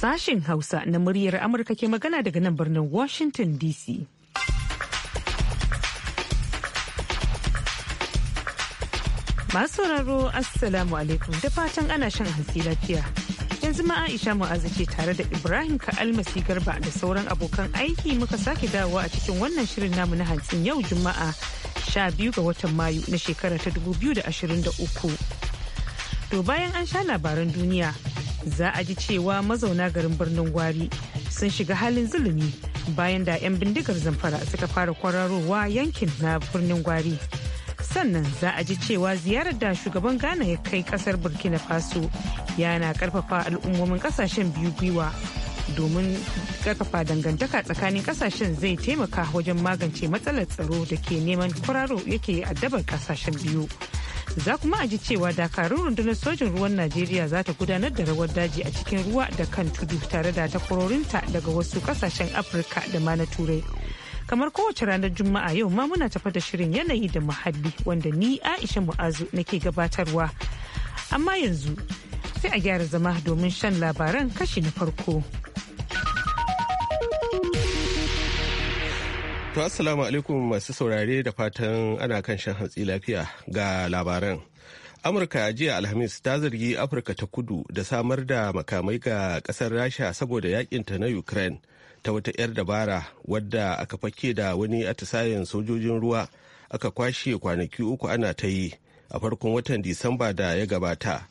sashen Hausa na muryar Amurka ke magana daga nan birnin Washington DC. Masu sauraro Assalamu alaikum da fatan ana shan hansi lafiya. Yanzu ma Aisha Mu'azu ce tare da Ibrahim Ka'almasi Garba da sauran abokan aiki muka sake dawowa a cikin wannan shirin namu na hantsin yau Juma'a 12 ga watan Mayu na shekara ta 2023. To bayan an sha labaran duniya, za a ji cewa mazauna garin birnin gwari sun shiga halin zulumi bayan da 'yan bindigar zamfara suka fara kwararowa yankin na birnin gwari sannan za a ji cewa ziyarar da shugaban ghana ya kai kasar burkina faso yana karfafa al'ummomin kasashen biyu gwiwa domin karfafa dangantaka tsakanin kasashen zai taimaka wajen magance matsalar tsaro da ke neman kwararo yake addabar kasashen biyu. za kuma a ji cewa dakarun rundunar sojin ruwan najeriya za ta gudanar da rawar daji a cikin ruwa da kan tudu tare da takwarorinta daga wasu kasashen afirka da ma na turai kamar kowace ranar juma'a yau ma muna tafa da shirin yanayi da muhalli wanda ni aisha mu'azu nake gabatarwa amma yanzu sai a gyara zama domin shan labaran kashi na farko. To assalamu alaikum masu saurare da fatan ana kan shan hantsi lafiya ga labaran. Amurka jiya Alhamis ta zargi Afirka ta kudu da samar da makamai ga kasar Rasha saboda yakinta na Ukraine ta wata 'yar dabara wadda aka fake da wani atisayen sojojin ruwa aka kwashe kwanaki uku ana ta yi a farkon watan Disamba da ya gabata.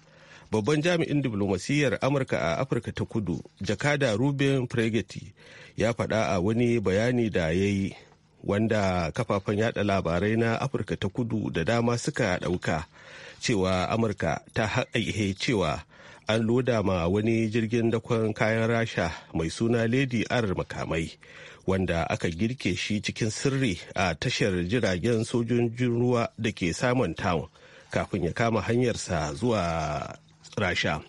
babban jami'in diplomasiyyar amurka a afirka ta kudu jakada ruben fregeti ya faɗa a wani bayani da ya yi wanda kafafen yada labarai na afirka ta kudu da dama suka ɗauka cewa amurka ta haƙaihe cewa an loda ma wani jirgin dakon kayan rasha mai suna lady r makamai wanda aka girke shi cikin sirri a tashar jiragen sojojin ruwa da ke samun town kafin ya kama hanyarsa zuwa rasha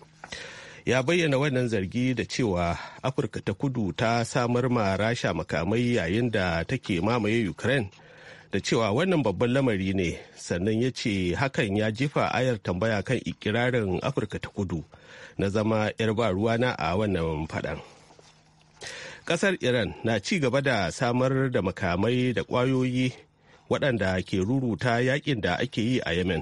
ya bayyana wannan zargi da cewa afirka ta kudu ta samar ma rasha makamai yayin da take mamaye ukraine da cewa wannan babban lamari ne sannan ya ce hakan ya jefa ayar tambaya kan ikirarin afirka ta kudu na zama 'yar ba na a wannan faɗan ƙasar iran na ci gaba da samar da makamai da ƙwayoyi waɗanda ke ruruta yakin da ake yi a yemen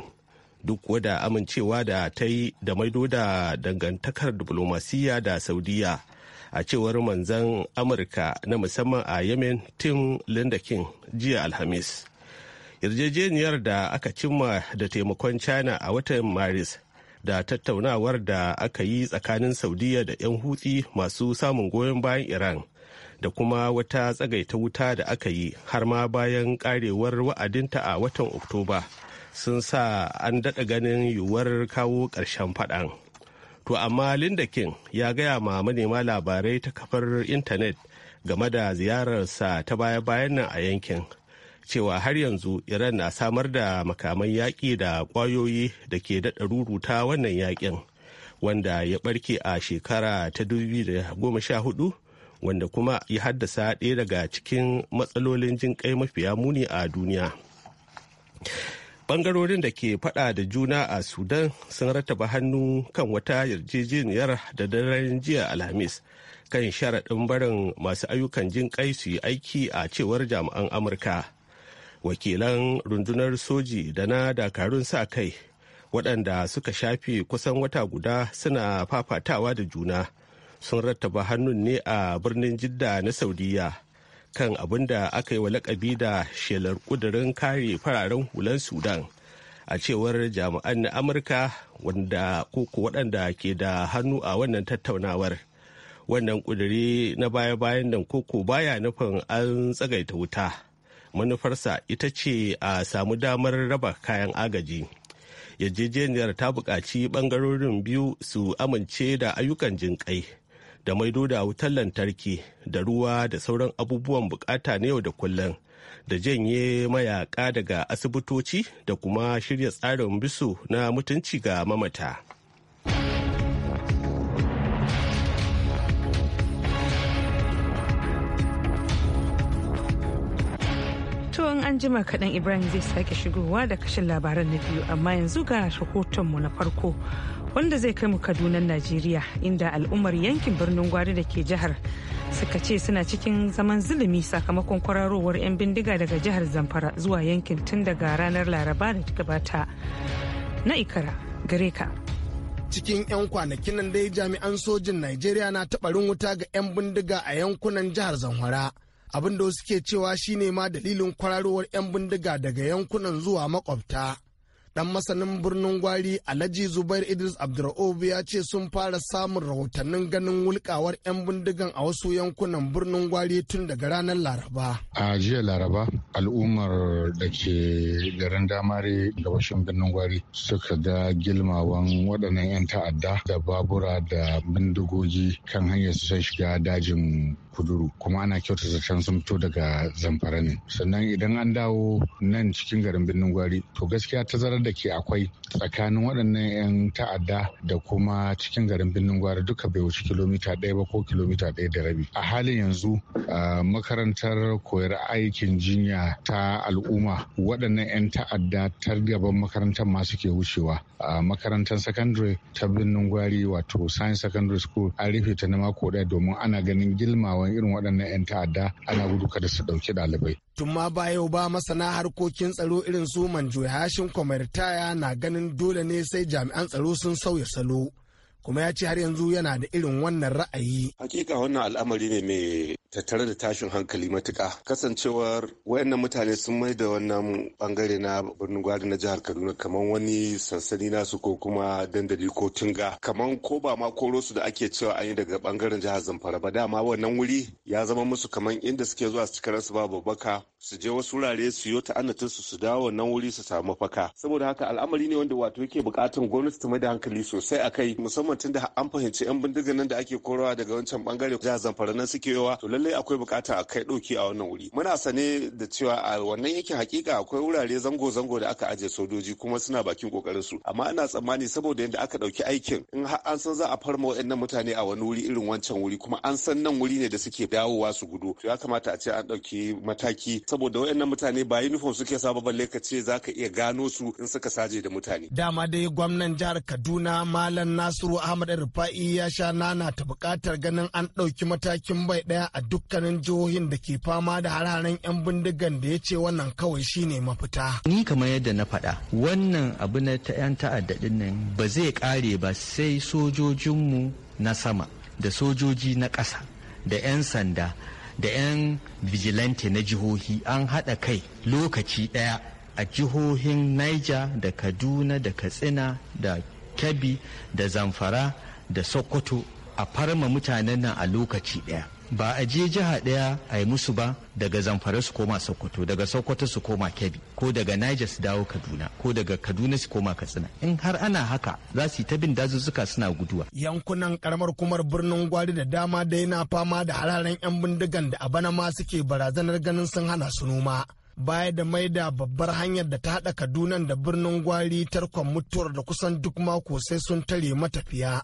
duk wadda amincewa da ta yi da maido da dangantakar diplomasiya da saudiya a cewar manzan amurka na musamman a yemen tim linda king jiya alhamis yarjejeniyar da aka cimma da taimakon china a watan maris da tattaunawar da aka yi tsakanin saudiya da 'yan hutsi masu samun goyon bayan iran da kuma wata tsagaita wuta da aka yi har ma bayan karewar wa'adinta a watan oktoba sun sa an daɗa ganin yiwuwar kawo ƙarshen faɗan. To amma Linda King ya gaya ma manema labarai ta kafar intanet game da ziyararsa ta baya-bayan nan a yankin cewa har yanzu Iran na samar da makaman yaƙi da ƙwayoyi da ke daɗa ruruta wannan yaƙin wanda ya ɓarke a shekara ta 2014 wanda kuma ya haddasa ɗaya daga cikin matsalolin jin kai mafiya muni a duniya. bangarorin da ke fada da juna a sudan sun rattaba hannu kan wata yarjejeniyar da daren jiya alhamis kan sharaɗin barin masu ayyukan jin kai su yi aiki a cewar jami'an amurka wakilan rundunar soji da na dakarun sa kai waɗanda suka shafe kusan wata guda suna fafatawa da juna sun rattaba hannun ne a birnin jidda na saudiyya kan abin da aka yi wa lakabi da shelar kudirin kare fararen hulan sudan a cewar jami'an amurka wanda koko waɗanda ke da hannu a wannan tattaunawar wannan kuduri na baya-bayan nan koko baya nufin an tsagaita wuta manufarsa ita ce a samu damar raba kayan agaji Yajejeniyar ta buƙaci ɓangarorin biyu su amince da ayyukan jinƙai. da maido da wutar lantarki da ruwa da sauran abubuwan bukata na yau da kullum da janye mayaka daga asibitoci da kuma shirya tsarin bisu na mutunci ga mamata. Tuwon an jima kaɗan Ibrahim zai sake shigowa da kashin labaran na biyu amma yanzu ga rahotonmu na farko wanda zai kai mu kaduna najeriya inda al'ummar yankin birnin gwari da ke jihar suka ce suna cikin zaman zulumi sakamakon kwararowar 'yan bindiga daga jihar zamfara zuwa yankin tun daga ranar laraba da gabata na ikara gare ka cikin 'yan kwanakin nan dai jami'an sojin najeriya na taɓarin wuta ga 'yan bindiga a yankunan jihar zamfara abinda wasu suke cewa shine ma dalilin kwararowar 'yan bindiga daga yankunan zuwa makwabta Ɗan masanin birnin gwari alhaji zubair idris abdur'ov ya ce sun fara samun rahotannin ganin wulkawar 'yan bindigan a wasu yankunan birnin gwari tun daga ranar laraba a jiya laraba al'ummar da ke garin damare gabashin birnin gwari suka da gilmawan waɗannan 'yan ta'adda da babura da bindigogi kan hanyar su shiga dajin kuduru kuma ana kyautata can sun fito daga zamfara ne sannan idan an dawo nan cikin garin birnin gwari to gaskiya tazarar da ke akwai tsakanin waɗannan 'yan ta'adda da kuma cikin garin birnin gwari duka bai wuce kilomita ɗaya ba ko kilomita ɗaya da rabi a halin yanzu makarantar koyar aikin jinya ta al'umma waɗannan 'yan ta'adda ta gaban makarantar ma suke wucewa a makarantar secondary ta birnin gwari wato science secondary school an rufe ta na mako ɗaya domin ana ganin gilmawan irin waɗannan 'yan ta'adda ana gudu kada su ɗauki ɗalibai. tun ma ba yau ba masana harkokin tsaro irin su manjo hashin kwamartaya na ganin dole ne sai jami'an tsaro sun sauya salo kuma ya ce har yanzu yana da irin wannan ra'ayi. Hakika wannan al'amari ne mai tattare da tashin hankali matuka kasancewar wayannan mutane sun mai da wannan bangare na birnin gwari na jihar kaduna kamar wani sansani nasu ko kuma dandali ko tunga kamar ko ba ma koro su da ake cewa an yi daga bangaren jihar zamfara ba dama wannan wuri ya zama musu kamar inda suke zuwa su cikin su ba babbaka su je wasu wurare su yi ta'annatin su su dawo wannan wuri su samu mafaka saboda haka al'amari ne wanda wato yake bukatun gwamnati ta mai da hankali sosai a kai musamman tun da an fahimci yan bindiga nan da ake korowa daga wancan bangare jihar zamfara nan suke yawa to lallai akwai bukata a kai dauki a wannan wuri muna sane da cewa a wannan yake hakika akwai wurare zango-zango da aka ajiye sojoji kuma suna bakin kokarin su amma ana tsammani saboda yadda aka dauki aikin in har an san za a farma waɗannan mutane a wani wuri irin wancan wuri kuma an san nan wuri ne da suke dawowa su gudu to ya kamata a ce an dauki mataki saboda wayannan mutane ba uniform suke sa ba balle ka ce za iya gano su in suka saje da mutane. Dama dai gwamnan jihar Kaduna Malam Nasiru Ahmad Rufa'i ya sha nana ta bukatar ganin an dauki matakin bai daya a dukkanin jihohin da ke fama da hararen 'yan bindigan da ya ce wannan kawai shine mafita. Ni kamar yadda na faɗa wannan abu na ta 'yan ta'adda nan ba zai ƙare ba sai sojojinmu na sama da sojoji na ƙasa da 'yan sanda da 'yan vigilante na jihohi an haɗa kai lokaci ɗaya a jihohin Niger da Kaduna da Katsina da Kebbi da Zamfara da Sokoto a farma mutanen nan a lokaci ɗaya. ba a je jiha ɗaya a yi musu ba daga zamfara su koma sokoto daga sokoto su koma kebbi ko daga niger su dawo kaduna ko daga kaduna su koma katsina in har ana haka za su yi ta bin dazuzzuka suna guduwa yankunan karamar kumar birnin gwari da dama da na fama da hararen yan bindigan da a bana ma suke barazanar ganin sun hana su noma baya da mai da babbar hanyar da ta haɗa kadunan da birnin gwari tarkon mutuwar da kusan duk mako sai sun tare matafiya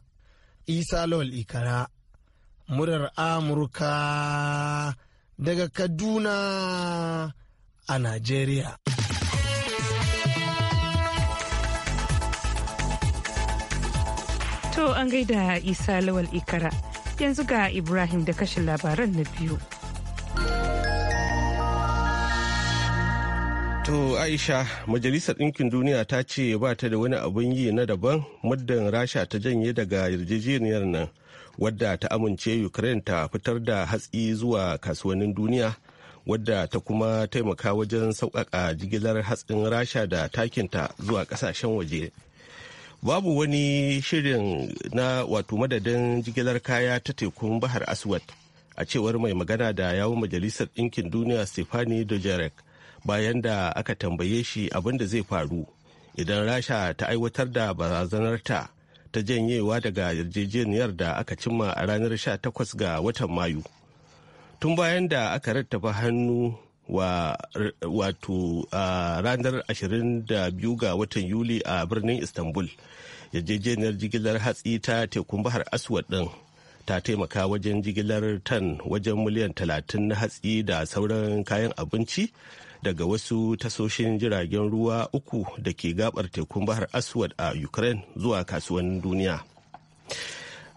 isa lawal ikara murar Amurka daga Kaduna a Najeriya. To an gaida Isa Lawal Ikara yanzu ga Ibrahim da kashin labaran na biyu. To Aisha, Majalisar Ɗinkin Duniya ta ce ba ta da wani abun yi na daban muddin Rasha ta janye daga yarjejeniyar nan. wadda ta amince ukraine ta fitar da hatsi zuwa kasuwannin duniya wadda ta kuma taimaka wajen sauƙaƙa jigilar hatsin rasha da takinta zuwa ƙasashen waje babu wani shirin na wato madadin jigilar kaya ta tekun bahar aswad a cewar mai magana da yawon majalisar ɗinkin duniya stefani dojerek bayan da aka tambaye shi abin da zai faru idan rasha ta aiwatar da barazanarta ta janyewa daga yarjejeniyar da aka cimma a ranar 18 ga watan mayu tun bayan da aka rattaba hannu wa wato ranar 22 ga watan yuli a birnin istanbul yarjejeniyar jigilar hatsi ta tekun bahar aswad din ta taimaka wajen jigilar tan wajen miliyan 30 na hatsi da sauran kayan abinci daga wasu tasoshin jiragen ruwa uku da ke gabar tekun bahar aswad a ukraine zuwa kasuwannin duniya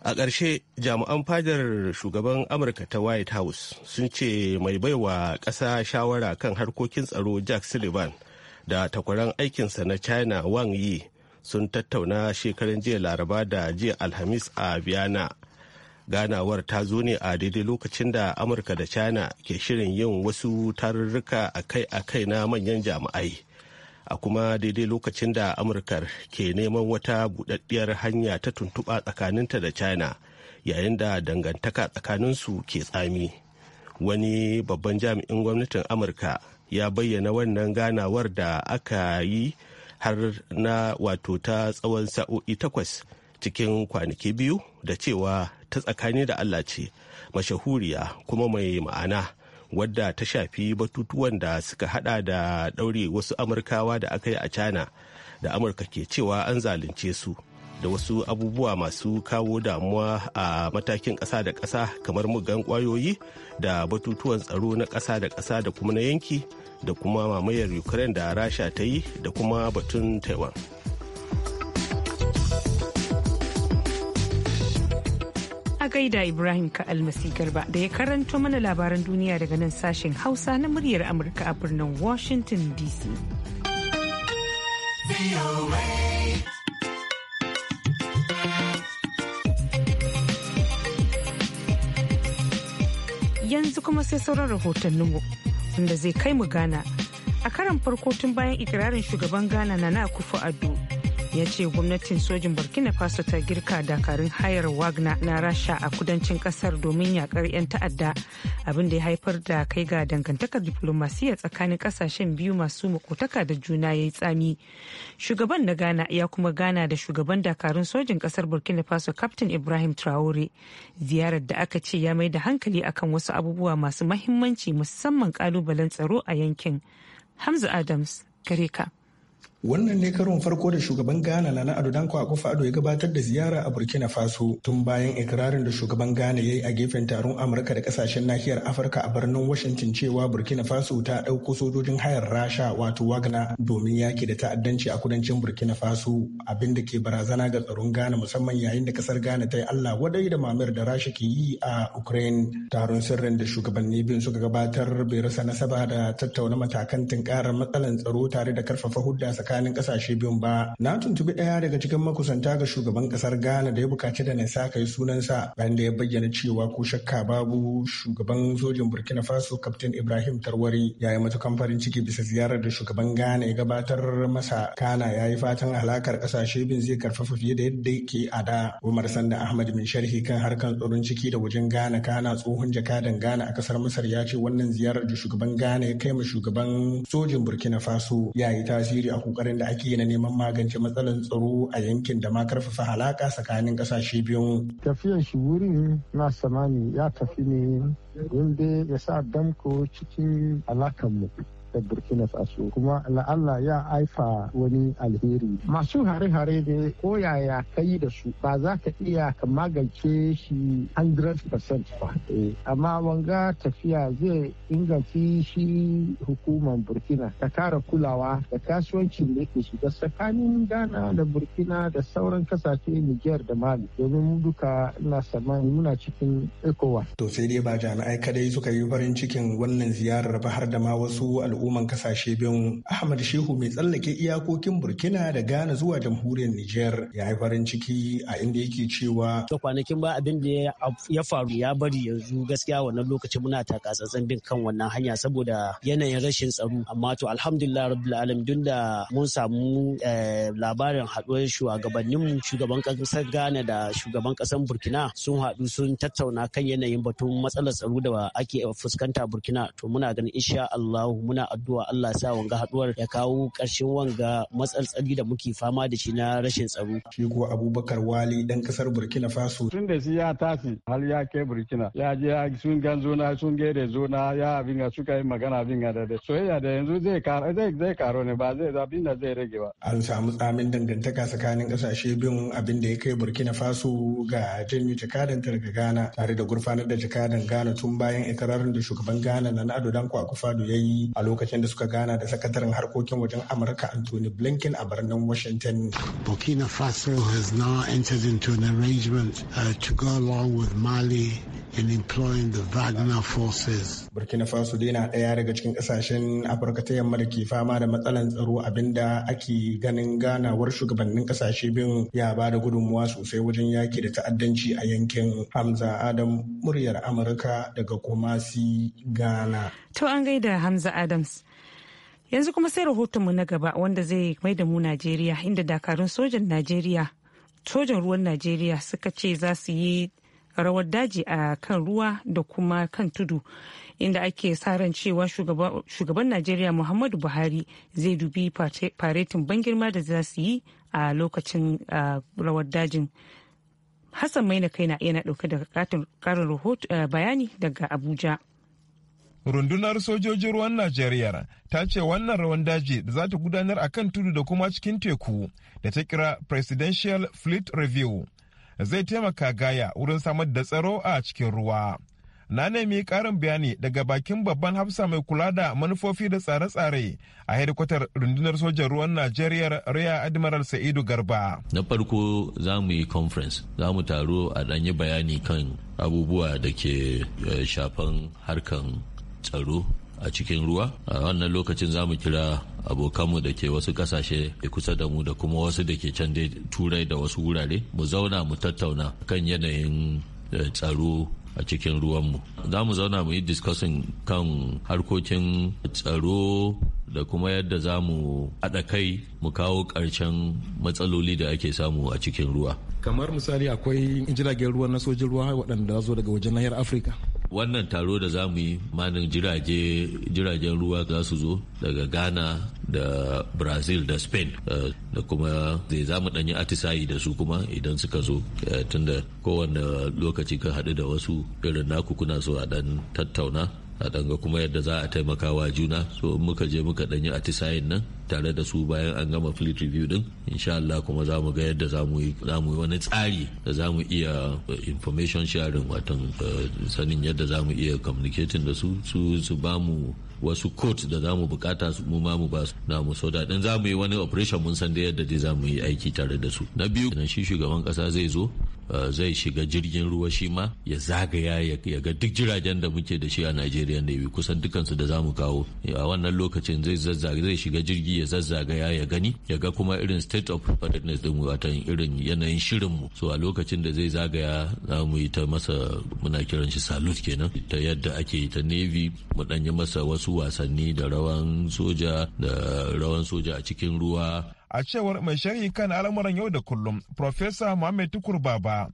a ƙarshe jami'an fadar shugaban amurka ta white house sun ce mai baiwa ƙasa shawara kan harkokin tsaro jack sullivan da takwaran aikinsa na china wang yi sun tattauna shekaran jiya laraba da jiya alhamis a biyana ganawar ta zo ne a daidai lokacin da amurka da china ke shirin yin wasu tarurruka a kai-a kai na manyan jami'ai a kuma daidai lokacin da amurkar ke neman wata budaddiyar hanya ta tuntuɓa tsakaninta da china yayin da dangantaka tsakaninsu ke tsami wani babban jami'in gwamnatin amurka ya bayyana wannan ganawar da aka yi har na wato ta tsawon sa'o'i takwas cikin kwanaki biyu da cewa ta tsakani da Allah ce mashahuriya kuma mai ma'ana wadda ta shafi batutuwan da suka hada da ɗaure wasu amurkawa da aka yi a china da amurka ke cewa an zalunce su da wasu abubuwa masu kawo damuwa a matakin ƙasa da ƙasa kamar mugan ƙwayoyi da batutuwan tsaro na ƙasa da ƙasa da kuma na yanki da kuma mamayar ukraine da rasha ta yi da kuma batun taiwan a gaida Ibrahim ka almasi garba da ya karanto mana labaran duniya daga nan sashen Hausa na muryar Amurka a birnin Washington DC. Yanzu kuma sai sauran rahotanninmu wanda zai kai mu Ghana. A karan farko tun bayan ikirarin shugaban Ghana na na kufu ado ya ce gwamnatin sojin burkina faso ta girka dakarun hayar wagner na rasha a kudancin kasar domin yakar 'yan ta'adda abin da ya haifar da kai ga dangantakar diplomasiya tsakanin kasashen biyu masu makotaka da juna ya yi tsami shugaban na ghana ya kuma gana da shugaban dakarun sojin kasar burkina faso captain ibrahim traore ziyarar da aka ce ya mai da hankali akan wasu abubuwa masu mahimmanci musamman kalubalen tsaro a yankin hamza adams gare ka Wannan ne karon farko da shugaban Ghana Nana Ado Danko Akufo Ado ya gabatar da ziyara a Burkina Faso tun bayan ikirarin da shugaban Ghana ya yi a gefen taron Amurka da kasashen nahiyar Afirka a birnin Washington cewa Burkina Faso ta ɗauko sojojin hayar Rasha wato Wagner domin yaki da ta'addanci a kudancin Burkina Faso abin da ke barazana ga tsaron Ghana musamman yayin da kasar Ghana ta yi Allah wadai da mamayar da Rasha ke yi a Ukraine. Taron sirrin da shugabanni biyun suka gabatar bai rasa nasaba da tattauna matakan tunkarar matsalan tsaro tare da karfafa hudda tsakanin tsakanin kasashe biyun ba na tuntubi ɗaya daga cikin makusanta ga shugaban kasar ghana da ya bukaci da na sa yi sunansa bayan da ya bayyana cewa ko shakka babu shugaban sojin burkina faso captain ibrahim tarwari ya yi matukan farin ciki bisa ziyarar da shugaban ghana ya gabatar masa kana ya yi fatan alakar ƙasashe biyun zai karfafa fiye da yadda yake a da umar sanda ahmad min sharhi kan harkar tsoron ciki da wajen ghana kana tsohon jakadan ghana a kasar masar ya ce wannan ziyarar da shugaban ghana ya kai ma shugaban sojin burkina faso ya yi tasiri a kokarin da ake yi na neman magance matsalar tsaro a yankin da ma karfafa halaka tsakanin ƙasashe biyu. Tafiyan shi wuri na samani ya tafi ne wanda ya sa damko cikin alakan mu. ƙasar burkina faso kuma la'alla ya haifa wani alheri masu hare-hare ne ko yaya ka yi da su ba za ka iya ka magance shi 100% ba eh, amma wanga tafiya zai inganci shi hukumar burkina ta kara kulawa da kasuwanci da yake shiga tsakanin ghana da burkina da sauran kasashe niger da mali domin duka ina tsammani muna cikin ecowas to sai dai ba jami'ai kadai suka yi farin cikin wannan ziyarar ba har da ma wasu al'umma hukumar kasashe biyun Ahmad Shehu mai tsallake iyakokin Burkina da Ghana zuwa jamhuriyar Nijar ya yi farin ciki a inda yake cewa da kwanakin ba abin da ya faru ya bari yanzu gaskiya wannan lokacin muna takatsantsan bin kan wannan hanya saboda yanayin rashin tsaro amma to alhamdulillah rabbil alamin dun da mun samu eh, labarin haduwar shugabannin shugaban ƙasar Ghana da shugaban kasar Burkina sun haɗu sun tattauna kan yanayin batun matsalar tsaro da ake fuskanta Burkina to muna ganin insha Allah muna addu'a Allah sa wanga haduwar ya kawo ƙarshen wanga matsaltsali da muke fama da shi na rashin tsaro. Shi Abubakar Wali dan kasar Burkina Faso. Tun da shi ya tashi har ya kai Burkina ya je sun gan zona sun gere zona ya abin ga suka yi magana abin ga da soyayya da yanzu zai karo zai zai karo ne ba zai zabi da zai rage ba. An samu tsamin dangantaka tsakanin kasashe biyun abin da ya kai Burkina Faso ga janyo jakadan ta daga Ghana tare da gurfanar da jakadan Ghana tun bayan ikirarin da shugaban Ghana na Ado Danko akufo ya yi a lokacin lokacin da suka gana da sakataren harkokin wajen amurka anthony blinken a birnin washington burkina faso has now entered into an arrangement uh, to go along with mali in employing the Wagner forces. Burkina Faso dai na ɗaya daga cikin ƙasashen Afirka ta yamma da ke fama da matsalan tsaro abinda ake ganin ganawar shugabannin ƙasashe biyun ya ba da gudunmuwa sosai wajen yaki da ta'addanci a yankin Hamza Adam muryar Amurka daga Kumasi, Ghana. To an gaida Hamza Adams. Yanzu kuma sai rahotonmu na gaba wanda zai mai da mu Najeriya inda dakarun sojan Najeriya, sojan ruwan Najeriya suka ce za su yi rawar daji a kan ruwa da kuma kan tudu inda ake sa ran cewa shugaban najeriya muhammadu buhari zai dubi faretin ban girma da za su yi a lokacin rawar dajin hassan maina na yana dauke da karin eh, bayani daga abuja rundunar sojojin ruwan najeriya ta ce wannan rawan daji da za ta gudanar a kan tudu da kuma cikin teku da ta kira presidential fleet review zai taimaka gaya wurin samar da tsaro a cikin ruwa. Na nemi ƙarin bayani daga bakin babban hafsa mai kula da manufofi da tsare-tsare a hedikwatar rundunar sojan ruwan Najeriya Rear Admiral Sa'idu Garba. Na farko za mu yi conference, za mu taro a ɗanyi bayani kan abubuwa da ke eh, shafan harkan tsaro a cikin ruwa. A wannan lokacin za mu kira abokanmu da ke wasu kasashe da kusa da mu da kuma wasu da ke can dai turai da wasu wurare mu zauna mu tattauna kan yanayin eh, tsaro a cikin ruwanmu za mu zauna mu yi discussing kan harkokin tsaro da kuma yadda za mu haɗa kai mu kawo ƙarshen matsaloli da ake samu a cikin ruwa kamar misali akwai jiragen ruwa na sojin ruwa waɗanda zo daga wajen nahiyar afirka wannan taro da za mu yi manin jiragen ruwa za su zo daga ghana da brazil da spain eh, da kuma zai za mu ɗanyi atisayi da su kuma idan suka zo eh, tunda kowane lokaci ka haɗu da wasu irin naku kuna so a ɗan tattauna a ɗanga kuma yadda za a taimakawa juna so muka je muka ɗanyi atisayin nan tare da su bayan an gama fleet review din insha Allah kuma za mu ga yadda za mu yi wani tsari da za mu iya eh, information sharing watan eh, sanin yadda za mu iya communicating da su su ba mu wasu court da za mu bukata mu ma mu ba su na mu so daɗin za mu yi wani operation mun san da yadda dai za mu yi aiki tare da su na biyu nan shi shugaban kasa zai zo eh, zai shiga jirgin ruwa shi ma ya zagaya ya ga duk jiragen da muke da shi a Najeriya ne kusan dukansu da za mu kawo a wannan lokacin zai zai shiga jirgi ya zazzagaya ya gani ya ga kuma irin state of preparedness din watan irin yanayin shirin mu so a lokacin da zai zagaya za mu yi ta masa muna kiran shi salute kenan ta yadda ake ta navy mu dan yi masa wasu wasanni da rawan soja da rawan soja a cikin ruwa a cewar mai sharhi kan al'amuran yau da kullum professor Muhammad Tukur Baba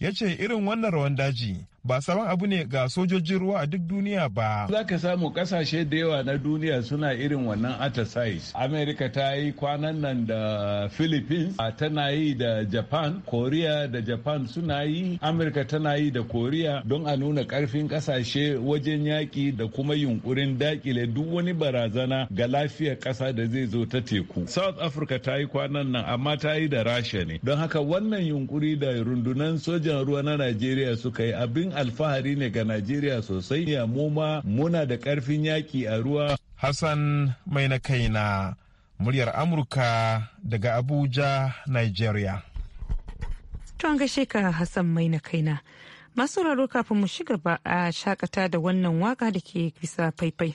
ya ce irin wannan rawan daji ba sabon abu ne ga sojojin ruwa a duk duniya ba. Za ka samu kasashe da yawa na duniya suna irin wannan exercise. Amerika ta yi kwanan nan da Philippines, tana yi da Japan, Korea da Japan suna yi, Amerika tana yi da Korea don a nuna karfin kasashe wajen yaƙi da kuma yunkurin dakile duk wani barazana ga lafiyar ƙasa da zai zo ta teku. South Africa ta yi kwanan nan amma ta yi da Rasha ne. Don haka wannan yunkuri da rundunan sojan ruwa na Najeriya suka yi abin abin alfahari ne ga najeriya sosai ya mu ma muna da karfin yaki a ruwa hassan mai na kaina muryar amurka daga abuja nigeria to an gashe ka hassan mai na kaina masu raro kafin mu shiga ba a shakata da wannan waka da ke bisa faifai.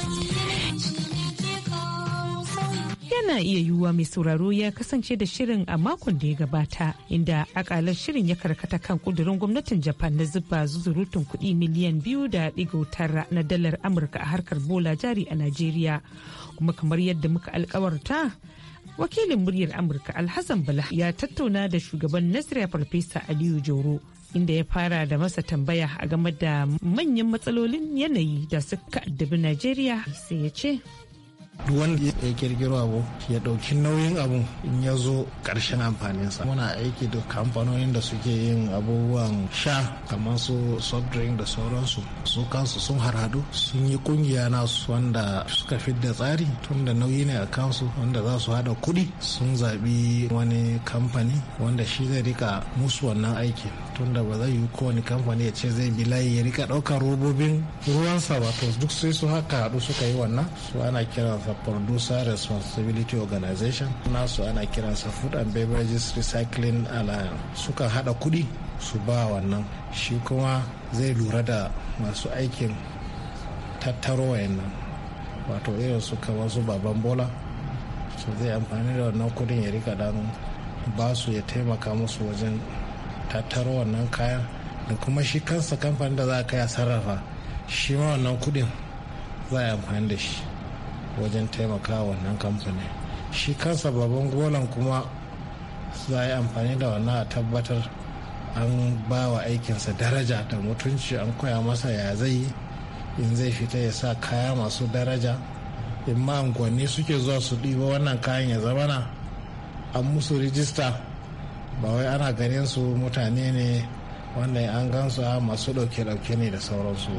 yana iya yiwuwa mai sauraro ya kasance da shirin a makon da ya gabata inda akalar shirin ya karkata kan kudurin gwamnatin japan na zuba zuzurutun kuɗi miliyan biyu da ɗigo tara na dalar amurka a harkar bola jari a najeriya kuma kamar yadda muka alkawarta wakilin muryar amurka alhassan bala ya tattauna da shugaban nasiriya farfesa aliyu jauro inda ya fara da masa tambaya a game da manyan matsalolin yanayi da suka addabi najeriya sai ya ce duk wanda ya kirkiro abu ya ɗauki nauyin abu in ya zo ƙarshen amfaninsa muna aiki da kamfanonin da suke yin abubuwan sha kamar su soft drink da sauransu su kansu sun haradu sun yi kungiya nasu wanda suka fidda tsari tun da nauyi ne a kansu wanda za su hada kuɗi sun zaɓi wani kamfani wanda shi zai rika musu wannan aikin tunda ba zai yi kowane kamfani ya ce zai bi layi ya rika ɗaukar robobin ruwansa ba to duk sai su haka haɗu suka yi wannan su ana kiransa producer responsibility organization nasu ana kiransa food and beverages recycling alliance sukan haɗa kuɗi su ba wannan shi kuma zai lura da masu aikin tattaro wayannan wato irin su kamar su baban bola su zai amfani da wannan kuɗin ya rika dan ba su ya taimaka musu wajen tattaro wannan kayan da kuma shi kansa kamfanin da za a kai a sarrafa shi ma wannan kudin za a amfani da shi wajen taimaka wannan kamfanin shi kansa babban golan kuma za a yi amfani da wannan a tabbatar an ba wa aikinsa daraja da mutunci an koya masa ya zai yi in zai fita ya sa kaya masu daraja in ma unguwanni suke zuwa su ɗiba wannan kayan ya zamana an musu rijista ba wai ana ganin su mutane ne wannan an gansu a masu dauke dauke ne da sauransu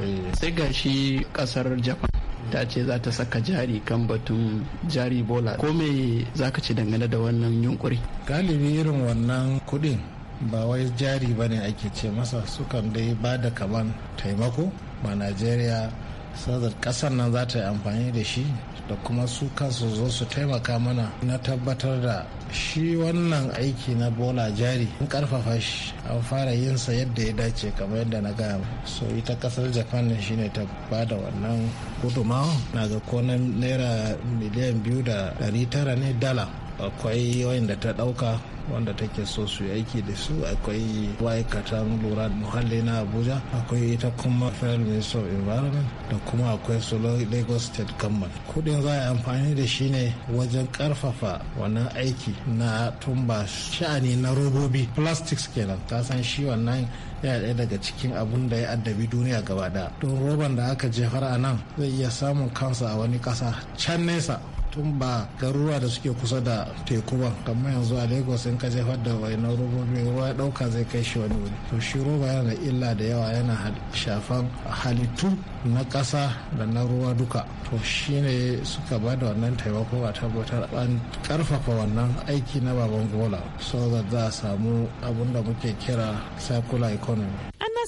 eh. sai ga shi ƙasar japan ta ce za ta saka jari kan batun jari bola ko me za ka ci dangane da wannan yunkuri galibi irin wannan kuɗin ba wai jari ba ne ake ce masa sukan dai ba da kaman taimako ba najeriya sadar kasar nan za ta yi amfani da shi da kuma su kansu zo su taimaka mana na tabbatar da shi wannan aiki na bola jari an karfafa shi an fara yinsa yadda ya dace kamar yadda na gaya so ita kasar japan shine ta bada wannan gudumawa na ga ko naira miliyan biyu da dari tara ne dala akwai wayanda ta ɗauka wanda take so su yi aiki da su akwai ma'aikatan lura muhalli na abuja akwai ita kuma federal minister of environment da kuma akwai su lagos state government kudin za a amfani da shi ne wajen karfafa wannan aiki na tumba sha'ani na robobi plastics kenan ta san shi wannan ya ɗaya daga cikin abun da ya addabi duniya gaba da don roban da aka jefar a nan zai iya samun kansa a wani ƙasa can nesa tun ba garuruwa da suke kusa da teku ba kamar yanzu a lagos in ka jefar da waina robobi ruwa ya dauka zai kai shi wani wuri to shi roba yana da illa da yawa yana shafan halittu na ƙasa da na ruwa duka to shi ne suka ba da wannan taimako a tabbatar an karfafa wannan aiki na baban gola so za a samu abin da muke kira circular economy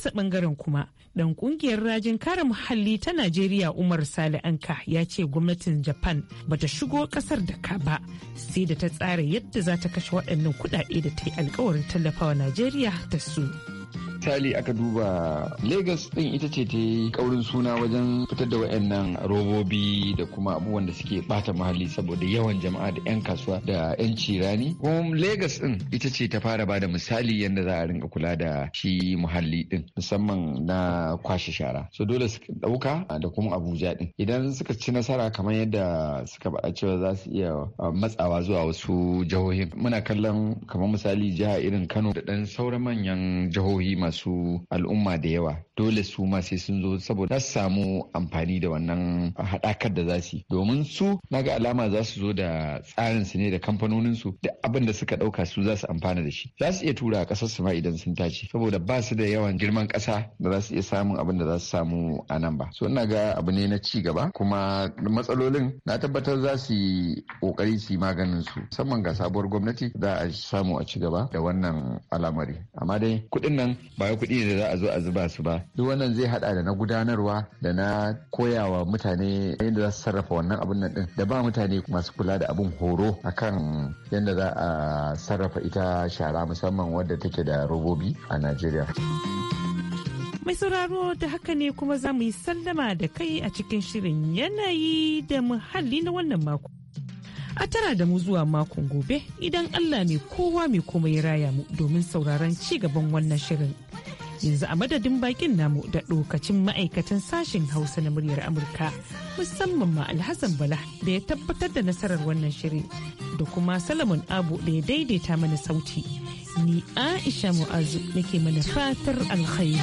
nasa bangaren kuma dan kungiyar rajin kare muhalli ta najeriya umar sale anka ya ce gwamnatin japan ba ta shigo kasar da ka ba sai da ta tsara yadda za ta kashe waɗannan kuɗaɗe da ta yi alkawarin tallafawa najeriya da su misali aka duba Legas ɗin ita ce ta yi kaurin suna wajen fitar da wayannan robobi da kuma abubuwan da suke bata muhalli saboda yawan jama'a da 'yan kasuwa da 'yan cirani. Kuma Legas ɗin ita ce ta fara bada misali yadda za a rinka kula da shi muhalli ɗin musamman na kwashe shara. So dole su ɗauka da kuma Abuja ɗin. Idan suka ci nasara kamar yadda suka ba cewa za su iya uh, matsawa zuwa wasu jihohin. Muna kallon kamar misali jiha irin Kano da ɗan sauran manyan jihohi masu masu al'umma da yawa dole su ma sai sun zo saboda su samu amfani da wannan haɗakar da za su domin su naga alama za su zo da tsarin su ne da kamfanonin su da abin da suka ɗauka su za su amfana da shi za su iya tura a ƙasar su ma idan sun tashi saboda ba su da yawan girman ƙasa da za su iya samun abin da za su samu a nan ba so ina ga abu ne na ci gaba kuma matsalolin na tabbatar za su yi ƙoƙari su yi maganin su musamman ga sabuwar gwamnati za a samu a ci gaba da wannan al'amari amma dai kuɗin nan ba ba kuɗi ne da za a zo a zuba su ba duk wannan zai hada da na gudanarwa da na koyawa mutane yadda za su sarrafa wannan abun nan din da ba mutane masu kula da abun horo akan yadda za a sarrafa ita shara musamman wadda take da robobi a Najeriya. Mai sauraro da haka ne kuma za mu yi sallama da kai a cikin shirin yanayi da muhalli na wannan mako. A tara da mu zuwa makon gobe idan Allah mai kowa mai komai raya mu domin sauraron ci gaban wannan shirin. yanzu a madadin bakin namu da ɗokacin ma'aikatan sashen hausa na muryar amurka musamman ma alhassan bala da ya tabbatar da nasarar wannan shiri da kuma salamun abu da ya daidaita mana sauti ni aisha mu'azu nake mana fatar alkhairi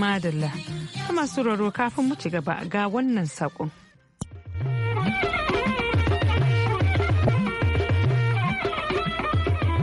madalla masu raro kafin mu ci gaba ga wannan saƙon.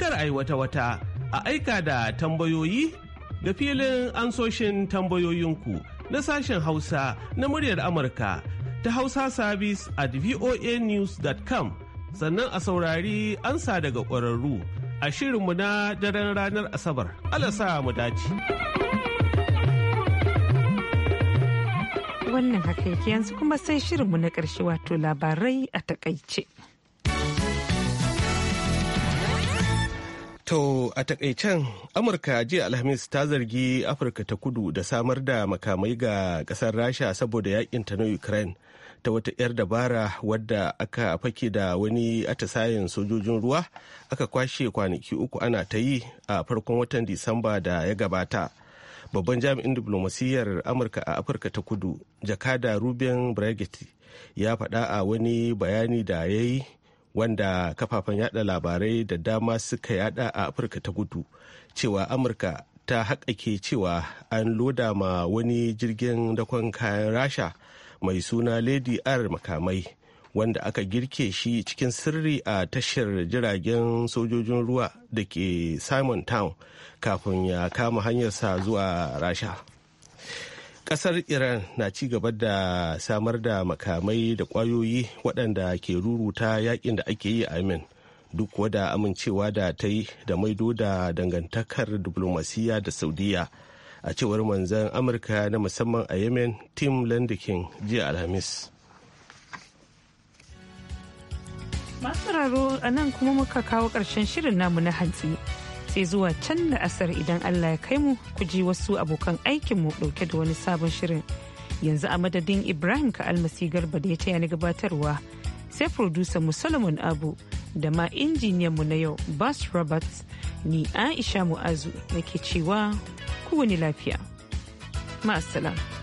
kar a yi wata-wata a aika da tambayoyi da filin ansoshin tambayoyinku na sashen hausa na muryar amurka ta hausa service at voanews.com sannan a saurari ansa daga ƙwararru a shirinmu na daren ranar asabar alasa mu dace wannan haka yanzu kuma sai shirinmu na ƙarshe wato labarai a takaice. To a takaicen Amurka jiya Alhamis ta zargi Afirka ta kudu da samar da makamai ga kasar Rasha saboda yakin ta na Ukraine ta wata 'yar dabara wadda aka fake da wani atisayen sojojin ruwa aka kwashe kwanaki uku ana ta yi a farkon watan Disamba da ya gabata. Babban jami'in diplomasiyyar Amurka a Afirka ta kudu, jakada Ruben Breget ya faɗa a wani bayani da ya yi wanda kafafen yada labarai da dama suka yada a afirka ta gudu cewa amurka ta haƙaƙe cewa an loda ma wani jirgin dakon kayan rasha mai suna lady r makamai wanda aka girke shi cikin sirri a tashar jiragen sojojin ruwa da ke simon town kafin ya kama hanyarsa zuwa rasha kasar iran na ci gaba da samar da makamai da kwayoyi waɗanda ke ruruta yakin da ake yi a yemen duk wada amincewa da ta yi da maido da dangantakar diplomasiya da saudiya a cewar manzan amurka na musamman a yemen tim landikin jiya alhamis masu raro a nan kuma muka kawo ƙarshen shirin namu na hantsi sai zuwa can da asar idan Allah ya kai mu ku ji wasu abokan aikinmu dauke da wani sabon shirin. Yanzu a madadin Ibrahim ka almasi garba da ya taya ni gabatarwa sai producer mu Solomon Abu da ma injiniyan mu na yau Bas Roberts ni Aisha Mu'azu nake cewa wani lafiya. Ma'asala.